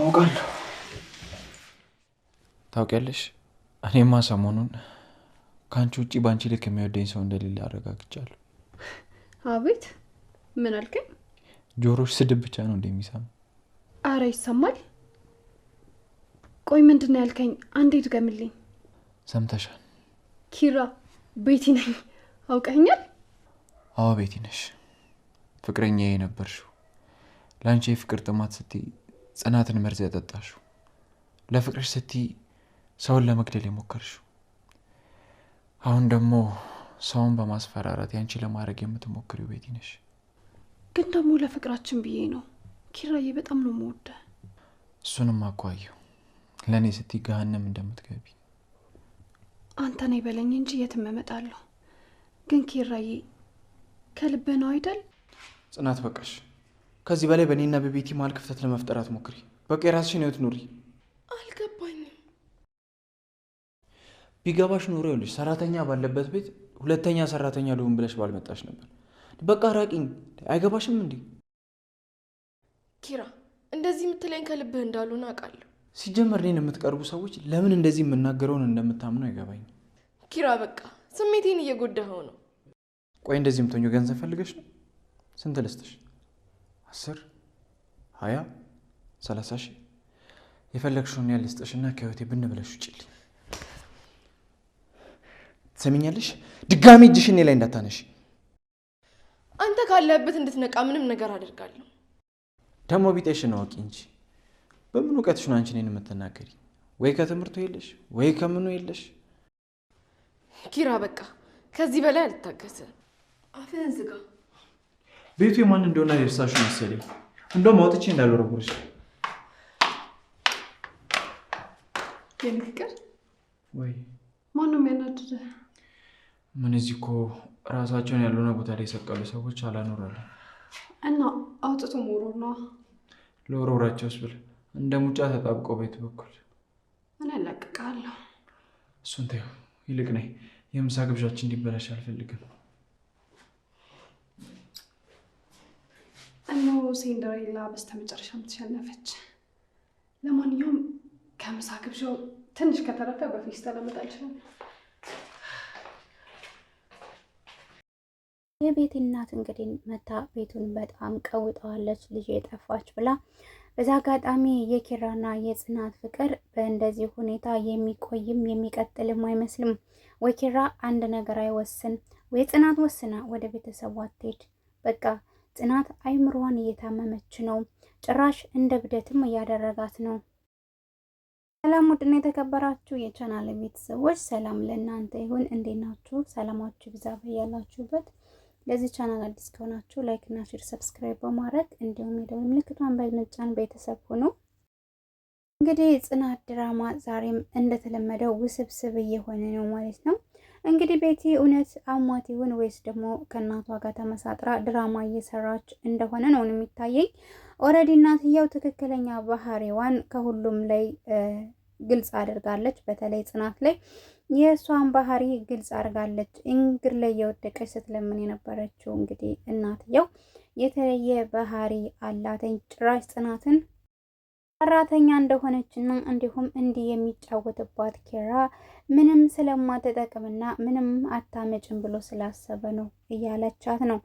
አውቃለሁ። ታውቂያለሽ፣ እኔማ ሰሞኑን ከአንቺ ውጭ በአንቺ ልክ የሚወደኝ ሰው እንደሌለ አረጋግጫለሁ። አቤት፣ ምን አልከኝ? ጆሮች ስድብ ብቻ ነው እንደሚሰማ። አረ ይሰማል። ቆይ ምንድን ነው ያልከኝ? አንዴ ድገምልኝ። ሰምተሻል? ኪራ፣ ቤቲ ነኝ። አውቀኸኛል? አዎ ቤቲ ነሽ፣ ፍቅረኛዬ ነበርሽው። ለአንቺ የፍቅር ጥማት ስትይ ጽናትን መርዝ ያጠጣሽው፣ ለፍቅርሽ ስቲ ሰውን ለመግደል የሞከርሽው፣ አሁን ደግሞ ሰውን በማስፈራራት ያንቺ ለማድረግ የምትሞክሪው ቤቲ ነሽ። ግን ደግሞ ለፍቅራችን ብዬ ነው ኪራዬ፣ በጣም ነው መወደ። እሱንም አኳየው ለእኔ ስቲ ገሃንም እንደምትገቢ አንተ ነ በለኝ እንጂ የትም ግን ኪራዬ ከልበ ነው አይደል? ጽናት በቃሽ። ከዚህ በላይ በእኔና በቤቲ መሀል ክፍተት ለመፍጠር አትሞክሪ። በቃ የራስሽን ህይወት ኑሪ። አልገባኝም። ቢገባሽ ኑሮ ይኸውልሽ፣ ሰራተኛ ባለበት ቤት ሁለተኛ ሰራተኛ ልሁን ብለሽ ባልመጣሽ ነበር። በቃ ራቂኝ። አይገባሽም እንዴ? ኪራ፣ እንደዚህ የምትለኝ ከልብህ እንዳልሆነ አውቃለሁ። ሲጀመር እኔን የምትቀርቡ ሰዎች ለምን እንደዚህ የምናገረውን እንደምታምኑ አይገባኝም። ኪራ፣ በቃ ስሜቴን እየጎዳኸው ነው። ቆይ እንደዚህ የምትሆኚው ገንዘብ ፈልገሽ ነው? ስንት ልስጥሽ? አስር ሀያ ሰላሳ ሺህ የፈለግሽውን ያህል ስጠሽና ከህይወቴ ብንብለሽ ብለሽ ውጭልኝ። ትሰሚኛለሽ? ድጋሚ እጅሽ እኔ ላይ እንዳታነሽ። አንተ ካለህበት እንድትነቃ ምንም ነገር አደርጋለሁ። ደግሞ ቢጤሽን አውቂ እንጂ በምን እውቀትሽ ነው አንቺ እኔን የምትናገሪ? ወይ ከትምህርቱ የለሽ ወይ ከምኑ የለሽ። ኪራ በቃ ከዚህ በላይ አልታገስም። አፍህን ዝጋ። ቤቱ የማን እንደሆነ የርሳሽ መሰለኝ። እንደውም አውጥቼ እንዳልወረወርሽ የምትቀር ወይ ማን ነው የሚያናድደ? ምን እዚህ እኮ ራሳቸውን ያልሆነ ቦታ ላይ የሰቀሉ ሰዎች አላኖራሉ እና አውጥቶ መውረር ነዋ። ለወረውራቸውስ እንደ ሙጫ ተጣብቆ ቤት በኩል ምን ያለቅቃለሁ። እሱን ተይው፣ ይልቅ ነይ። የምሳ ግብዣችን እንዲበላሽ አልፈልግም። እነሆ ሲንደሬላ በስተመጨረሻም ተሸነፈች። ለማንኛውም ከምሳ ግብዣው ትንሽ ከተረፈ በፌስታል አመጣልሻለሁ። የቤቲ እናት እንግዲህ መታ ቤቱን በጣም ቀውጠዋለች፣ ልጅ የጠፋች ብላ። በዛ አጋጣሚ የኪራና የጽናት ፍቅር በእንደዚህ ሁኔታ የሚቆይም የሚቀጥልም አይመስልም። ወይ ኪራ አንድ ነገር አይወስን፣ ወይ ጽናት ወስና ወደ ቤተሰቧ አትሄድ። በቃ ጽናት አይምሮዋን እየታመመች ነው። ጭራሽ እንደ ብደትም እያደረጋት ነው። ሰላም ውድና የተከበራችሁ የቻናል ቤተሰቦች ሰላም ለእናንተ ይሁን። እንዴት ናችሁ? ሰላማችሁ ብዛ ያላችሁበት። ለዚህ ቻናል አዲስ ከሆናችሁ ላይክ እና ሼር፣ ሰብስክራይብ በማድረግ እንዲሁም የደወል ምልክቷን በመጫን ቤተሰብ ሁኑ። እንግዲህ ጽናት ድራማ ዛሬም እንደተለመደው ውስብስብ እየሆነ ነው ማለት ነው። እንግዲህ ቤቲ እውነት አሟት ይሁን ወይስ ደግሞ ከእናቷ ጋር ተመሳጥራ ድራማ እየሰራች እንደሆነ ነው የሚታየኝ። ኦልሬዲ እናትየው ትክክለኛ ባህሪዋን ከሁሉም ላይ ግልጽ አድርጋለች። በተለይ ጽናት ላይ የእሷን ባህሪ ግልጽ አድርጋለች። እንግር ላይ የወደቀች ስትለምን የነበረችው እንግዲህ እናትየው የተለየ ባህሪ አላተኝ ጭራሽ ጽናትን ሰራተኛ እንደሆነችና እንዲሁም እንዲህ የሚጫወትባት ኪራ ምንም ስለማትጠቅምና ምንም አታመጭም ብሎ ስላሰበ ነው እያለቻት ነው።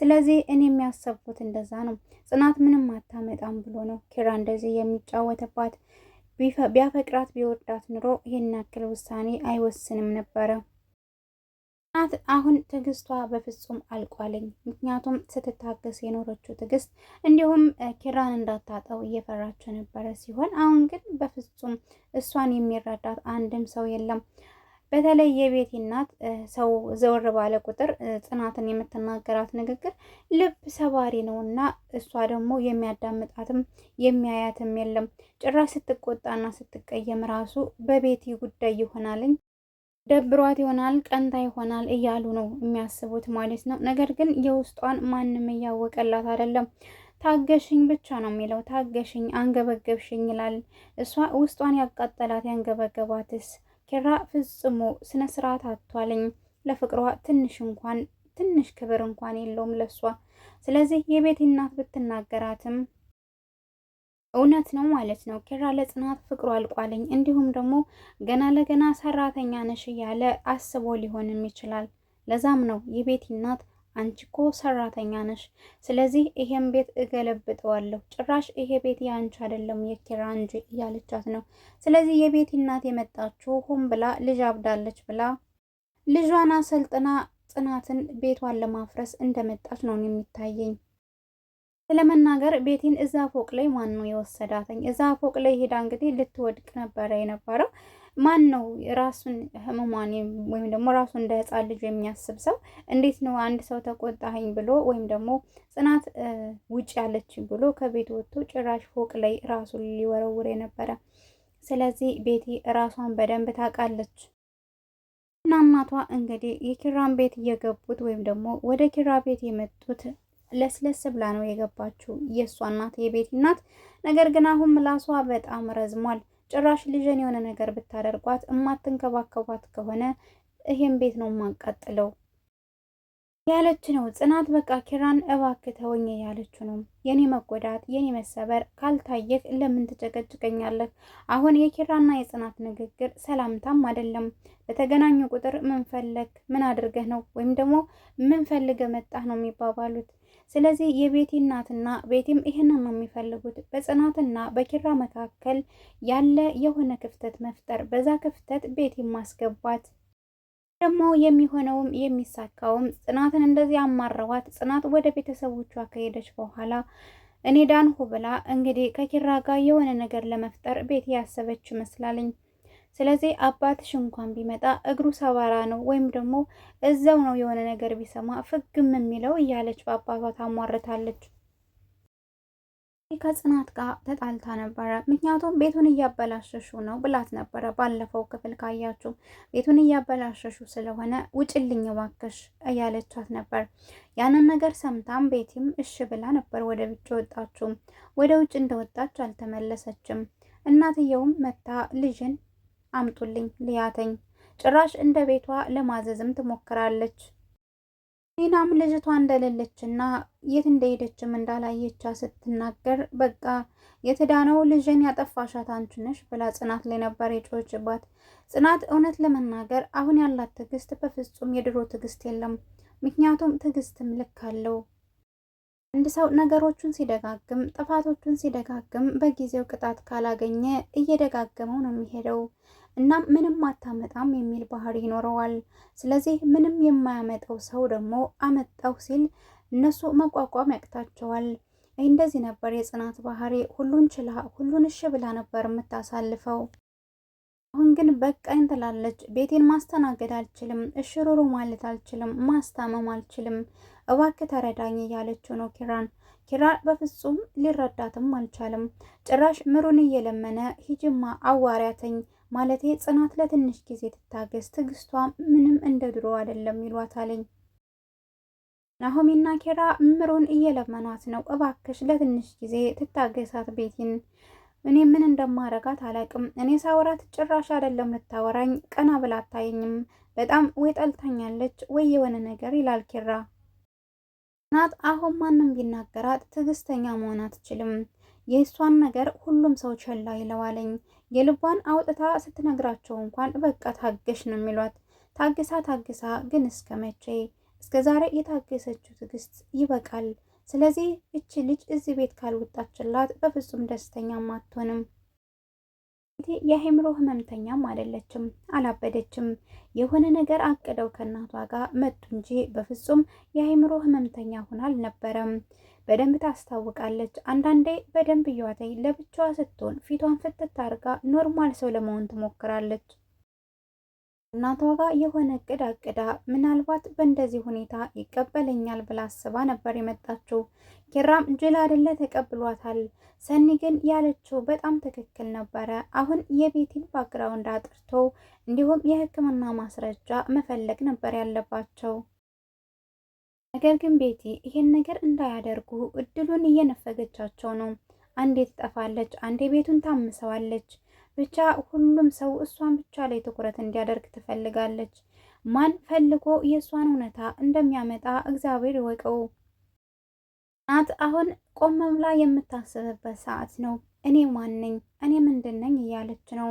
ስለዚህ እኔ የሚያሰብኩት እንደዛ ነው፣ ጽናት ምንም አታመጣም ብሎ ነው ኪራ እንደዚህ የሚጫወትባት። ቢያፈቅራት ቢወዳት ኑሮ ይህን ያክል ውሳኔ አይወስንም ነበረ። አሁን ትዕግስቷ በፍጹም አልቋለኝ። ምክንያቱም ስትታገስ የኖረችው ትዕግስት እንዲሁም ኪራን እንዳታጠው እየፈራችው የነበረ ሲሆን አሁን ግን በፍጹም እሷን የሚረዳት አንድም ሰው የለም። በተለይ የቤቲ እናት ሰው ዘወር ባለ ቁጥር ጽናትን የምትናገራት ንግግር ልብ ሰባሪ ነው እና እሷ ደግሞ የሚያዳምጣትም የሚያያትም የለም። ጭራሽ ስትቆጣና ስትቀየም ራሱ በቤቲ ጉዳይ ይሆናልኝ ደብሯት ይሆናል ቀንታ ይሆናል እያሉ ነው የሚያስቡት ማለት ነው። ነገር ግን የውስጧን ማንም እያወቀላት አይደለም። ታገሽኝ ብቻ ነው የሚለው። ታገሽኝ፣ አንገበገብሽኝ ይላል። እሷ ውስጧን ያቃጠላት ያንገበገባትስ ኪራ ፍጽሞ ስነ ስርዓት አቷልኝ። ለፍቅሯ ትንሽ እንኳን ትንሽ ክብር እንኳን የለውም ለሷ። ስለዚህ የቤት እናት ብትናገራትም እውነት ነው ማለት ነው። ኪራ ለጽናት ፍቅሩ አልቋለኝ፣ እንዲሁም ደግሞ ገና ለገና ሰራተኛ ነሽ እያለ አስቦ ሊሆንም ይችላል። ለዛም ነው የቤቲ እናት አንቺ እኮ ሰራተኛ ነሽ፣ ስለዚህ ይሄን ቤት እገለብጠዋለሁ፣ ጭራሽ ይሄ ቤት የአንቺ አይደለም የኪራ እንጂ እያለቻት ነው። ስለዚህ የቤቲ እናት የመጣችው ሁም ብላ ልጅ አብዳለች ብላ ልጇን አሰልጥና ጽናትን ቤቷን ለማፍረስ እንደመጣች ነው የሚታየኝ። ስለመናገር ቤቲን እዛ ፎቅ ላይ ማን ነው የወሰዳትኝ? እዛ ፎቅ ላይ ሄዳ እንግዲህ ልትወድቅ ነበረ የነበረው። ማን ነው ራሱን ህመሟን ወይም ደግሞ ራሱ እንደ ህፃን ልጅ የሚያስብ ሰው እንዴት ነው አንድ ሰው ተቆጣኝ ብሎ ወይም ደግሞ ጽናት ውጭ ያለች ብሎ ከቤት ወጥቶ ጭራሽ ፎቅ ላይ ራሱን ሊወረውር የነበረ። ስለዚህ ቤቲ ራሷን በደንብ ታውቃለች። እና እናቷ እንግዲህ የኪራን ቤት እየገቡት ወይም ደግሞ ወደ ኪራ ቤት የመጡት ለስለስ ብላ ነው የገባችው የእሷ እናት የቤቲ እናት። ነገር ግን አሁን ምላሷ በጣም ረዝሟል። ጭራሽ ልጅን የሆነ ነገር ብታደርጓት እማትንከባከቧት ከሆነ ይሄን ቤት ነው የማቃጥለው ያለች ነው። ጽናት በቃ ኪራን እባክህ ተወኝ ያለችው ነው። የኔ መጎዳት የኔ መሰበር ካልታየህ ለምን ትጨቀጭቀኛለህ? አሁን የኪራና የጽናት ንግግር ሰላምታም አይደለም። በተገናኙ ቁጥር ምን ፈለግ፣ ምን አድርገህ ነው ወይም ደግሞ ምን መጣህ ነው የሚባባሉት። ስለዚህ የቤቲ እናትና ቤቲም ይህንን ነው የሚፈልጉት። በጽናትና በኪራ መካከል ያለ የሆነ ክፍተት መፍጠር፣ በዛ ክፍተት ቤቲ ማስገባት ደግሞ የሚሆነውም የሚሳካውም ጽናትን እንደዚህ አማረዋት። ጽናት ወደ ቤተሰቦቿ ከሄደች በኋላ እኔ ዳንሁ ብላ እንግዲህ ከኪራ ጋር የሆነ ነገር ለመፍጠር ቤት ያሰበች ይመስላልኝ ስለዚህ አባትሽ እንኳን ቢመጣ እግሩ ሰባራ ነው ወይም ደግሞ እዛው ነው የሆነ ነገር ቢሰማ ፍግም የሚለው እያለች በአባቷ ታሟርታለች። ከጽናት ጋር ተጣልታ ነበረ። ምክንያቱም ቤቱን እያበላሸሹ ነው ብላት ነበረ። ባለፈው ክፍል ካያችሁ ቤቱን እያበላሸሹ ስለሆነ ውጭልኝ ዋክሽ እያለቻት ነበር። ያንን ነገር ሰምታም ቤቲም እሽ ብላ ነበር ወደ ውጭ ወጣችሁ። ወደ ውጭ እንደወጣች አልተመለሰችም። እናትየውም መታ ልጅን አምጡልኝ ልያተኝ ጭራሽ እንደ ቤቷ ለማዘዝም ትሞክራለች። ቲናም ልጅቷ እንደሌለችና የት እንደሄደችም እንዳላየቻ ስትናገር በቃ የተዳነው ልጅን ያጠፋሻት አንቺ ነሽ ብላ ጽናት ላይ ነበር የጮችባት። ጽናት እውነት ለመናገር አሁን ያላት ትዕግስት በፍጹም የድሮ ትዕግስት የለም። ምክንያቱም ትዕግስትም ልክ አለው። አንድ ሰው ነገሮቹን ሲደጋግም ጥፋቶቹን ሲደጋግም በጊዜው ቅጣት ካላገኘ እየደጋገመው ነው የሚሄደው። እናም ምንም አታመጣም የሚል ባህሪ ይኖረዋል። ስለዚህ ምንም የማያመጣው ሰው ደግሞ አመጣው ሲል እነሱ መቋቋም ያቅታቸዋል። እንደዚህ ነበር የጽናት ባህሪ። ሁሉን ችላ፣ ሁሉን እሽ ብላ ነበር የምታሳልፈው። አሁን ግን በቃኝ ትላለች። ቤቴን ማስተናገድ አልችልም፣ እሽሩሩ ማለት አልችልም፣ ማስታመም አልችልም፣ እባክህ ተረዳኝ እያለችው ነው ኪራን። ኪራ በፍጹም ሊረዳትም አልቻለም። ጭራሽ ምሩን እየለመነ ሂጅማ አዋሪያተኝ ማለቴ ጽናት ለትንሽ ጊዜ ትታገስ፣ ትዕግስቷ ምንም እንደ ድሮ አይደለም ይሏታለኝ። ናሆሚና ኬራ ምሩን እየለመኗት ነው። እባክሽ ለትንሽ ጊዜ ትታገሳት ቤቲን እኔ ምን እንደማረጋት አላቅም። እኔ ሳወራት ጭራሽ አይደለም ልታወራኝ፣ ቀና ብላ አታየኝም። በጣም ወይ ጠልታኛለች ወይ የሆነ ነገር ይላል ኬራ። ጽናት አሁን ማንም ቢናገራት ትዕግስተኛ መሆን አትችልም። የእሷን ነገር ሁሉም ሰው ቸላ ይለዋለኝ። የልቧን አውጥታ ስትነግራቸው እንኳን በቃ ታገሽ ነው የሚሏት። ታግሳ ታግሳ ግን እስከ መቼ? እስከ ዛሬ የታገሰችው ትዕግስት ይበቃል። ስለዚህ እቺ ልጅ እዚህ ቤት ካልወጣችላት በፍጹም ደስተኛም አትሆንም። የአእምሮ ህመምተኛም አይደለችም፣ አላበደችም። የሆነ ነገር አቅደው ከእናቷ ጋር መጡ እንጂ በፍጹም የአእምሮ ህመምተኛ ሆና አልነበረም። በደንብ ታስታውቃለች። አንዳንዴ በደንብ እያዋተኝ ለብቻዋ ስትሆን ፊቷን ፍትት አርጋ ኖርማል ሰው ለመሆን ትሞክራለች። እናቷ ጋር የሆነ እቅድ አቅዳ ምናልባት በእንደዚህ ሁኔታ ይቀበለኛል ብላ አስባ ነበር የመጣችው። ኪራም ጅል አይደለ ተቀብሏታል። ሰኒ ግን ያለችው በጣም ትክክል ነበረ። አሁን የቤቲን ባክግራውንድ አጥርቶ እንዲሁም የሕክምና ማስረጃ መፈለግ ነበር ያለባቸው። ነገር ግን ቤቲ ይሄን ነገር እንዳያደርጉ እድሉን እየነፈገቻቸው ነው። አንዴ ትጠፋለች፣ አንዴ ቤቱን ታምሰዋለች። ብቻ ሁሉም ሰው እሷን ብቻ ላይ ትኩረት እንዲያደርግ ትፈልጋለች። ማን ፈልጎ የእሷን እውነታ እንደሚያመጣ እግዚአብሔር ይወቀው። ናት አሁን ቆመ ብላ የምታስብበት ሰዓት ነው። እኔ ማን ነኝ? እኔ ምንድን ነኝ? እያለች ነው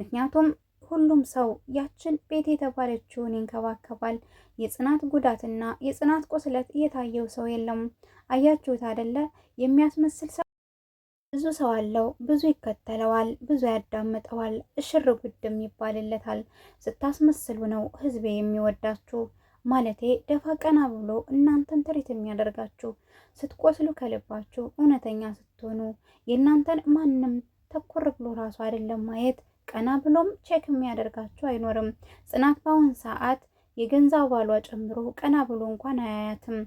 ምክንያቱም ሁሉም ሰው ያችን ቤት የተባለችውን ይንከባከባል። የጽናት ጉዳትና የጽናት ቁስለት እየታየው ሰው የለም። አያችሁት አደለ? የሚያስመስል ሰው ብዙ ሰው አለው፣ ብዙ ይከተለዋል፣ ብዙ ያዳምጠዋል፣ እሽር ጉድም ይባልለታል። ስታስመስሉ ነው ህዝቤ የሚወዳችሁ ማለቴ ደፋ ቀና ብሎ እናንተን ትሪት የሚያደርጋችሁ ስትቆስሉ ከልባችሁ እውነተኛ ስትሆኑ የእናንተን ማንም ተኮር ብሎ ራሱ አይደለም ማየት ቀና ብሎም ቼክ የሚያደርጋቸው አይኖርም። ጽናት በአሁን ሰዓት የገንዘብ ባሏ ጨምሮ ቀና ብሎ እንኳን አያያትም።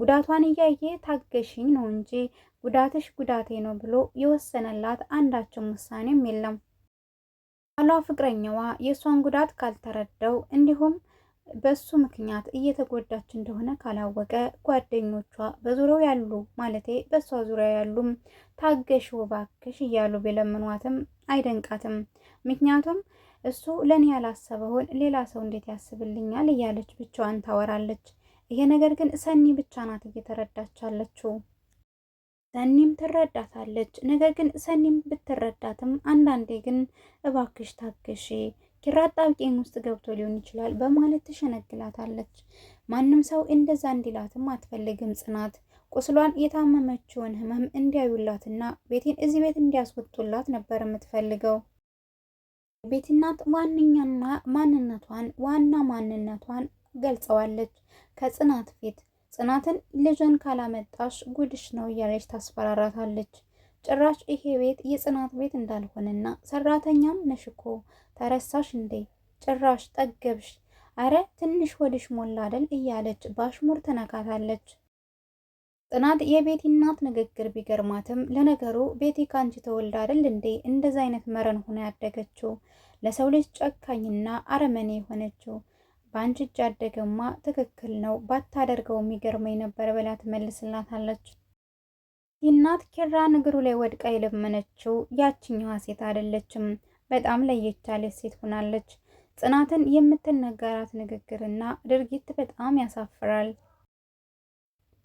ጉዳቷን እያየ ታገሽኝ ነው እንጂ ጉዳትሽ ጉዳቴ ነው ብሎ የወሰነላት አንዳችም ውሳኔም የለም። ባሏ ፍቅረኛዋ የእሷን ጉዳት ካልተረዳው እንዲሁም በሱ ምክንያት እየተጎዳች እንደሆነ ካላወቀ ጓደኞቿ በዙሪያው ያሉ ማለቴ በእሷ ዙሪያ ያሉም ታገሽ ባክሽ እያሉ ቢለምኗትም አይደንቃትም። ምክንያቱም እሱ ለእኔ ያላሰበውን ሌላ ሰው እንዴት ያስብልኛል እያለች ብቻዋን ታወራለች። ይሄ ነገር ግን ሰኒ ብቻ ናት እየተረዳች አለችው። ሰኒም ትረዳታለች። ነገር ግን ሰኒም ብትረዳትም አንዳንዴ ግን እባክሽ ታገሺ ኪራ አጣብቂኝ ውስጥ ገብቶ ሊሆን ይችላል በማለት ትሸነግላታለች። ማንም ሰው እንደዛ እንዲላትም አትፈልግም ጽናት ቁስሏን የታመመችውን ህመም እንዲያዩላትና ቤቴን እዚህ ቤት እንዲያስወጡላት ነበር የምትፈልገው። ቤትናት ዋነኛና ማንነቷን ዋና ማንነቷን ገልጸዋለች ከጽናት ፊት። ጽናትን ልጅን ካላመጣሽ ጉድሽ ነው እያለች ታስፈራራታለች። ጭራሽ ይሄ ቤት የጽናት ቤት እንዳልሆነና ሰራተኛም ነሽኮ ተረሳሽ እንዴ? ጭራሽ ጠገብሽ? አረ ትንሽ ወድሽ ሞላ አደል? እያለች ባሽሙር ትነካታለች። ጽናት የቤቲ እናት ንግግር ቢገርማትም ለነገሩ ቤቲ ካንቺ ተወልዳ አደል እንዴ እንደዚ አይነት መረን ሆነ ያደገችው ለሰው ልጅ ጨካኝና አረመኔ የሆነችው በአንቺ እጅ ያደገማ ትክክል ነው ባታደርገው የሚገርመኝ ነበር ብላ ትመልስላታለች። እናት ኪራ እግሩ ላይ ወድቃ የለመነችው ያችኛዋ ሴት አይደለችም። በጣም ለየት ያለች ሴት ሆናለች። ጽናትን የምትነገራት ንግግርና ድርጊት በጣም ያሳፍራል።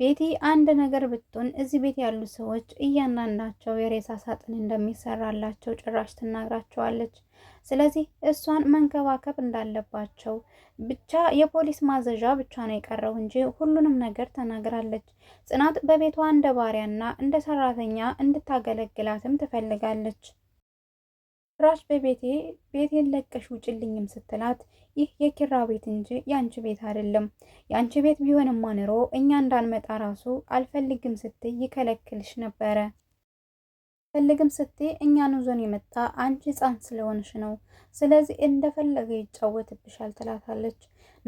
ቤቲ አንድ ነገር ብትሆን እዚህ ቤት ያሉ ሰዎች እያንዳንዳቸው የሬሳ ሳጥን እንደሚሰራላቸው ጭራሽ ትናግራቸዋለች። ስለዚህ እሷን መንከባከብ እንዳለባቸው ብቻ የፖሊስ ማዘዣ ብቻ ነው የቀረው እንጂ ሁሉንም ነገር ተናግራለች። ጽናት በቤቷ እንደ ባሪያና እንደ ሰራተኛ እንድታገለግላትም ትፈልጋለች። ራሽ በቤቴ ቤቴን ለቀሽ ውጭልኝም ስትላት ይህ የኪራ ቤት እንጂ ያንቺ ቤት አይደለም። ያንቺ ቤት ቢሆንማ ኑሮ እኛ እንዳንመጣ ራሱ አልፈልግም ስትይ ይከለክልሽ ነበረ። ፈልግም ስትይ እኛን ዞን የመጣ አንቺ ህፃን ስለሆንሽ ነው። ስለዚህ እንደፈለገ ይጫወትብሻል ትላታለች።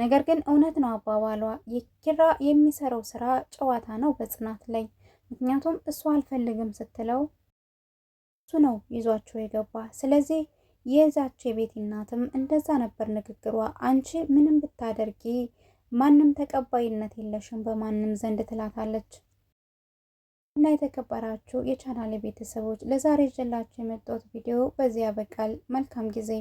ነገር ግን እውነት ነው አባባሏ። የኪራ የሚሰራው ስራ ጨዋታ ነው በጽናት ላይ ምክንያቱም እሱ አልፈልግም ስትለው እሱ ነው ይዟቸው የገባ። ስለዚህ የዛች የቤት እናትም እንደዛ ነበር ንግግሯ። አንቺ ምንም ብታደርጊ ማንም ተቀባይነት የለሽም በማንም ዘንድ ትላታለች። እና የተከበራችሁ የቻናል ቤተሰቦች ለዛሬ ይዤላችሁ የመጣሁት ቪዲዮ በዚህ ያበቃል። መልካም ጊዜ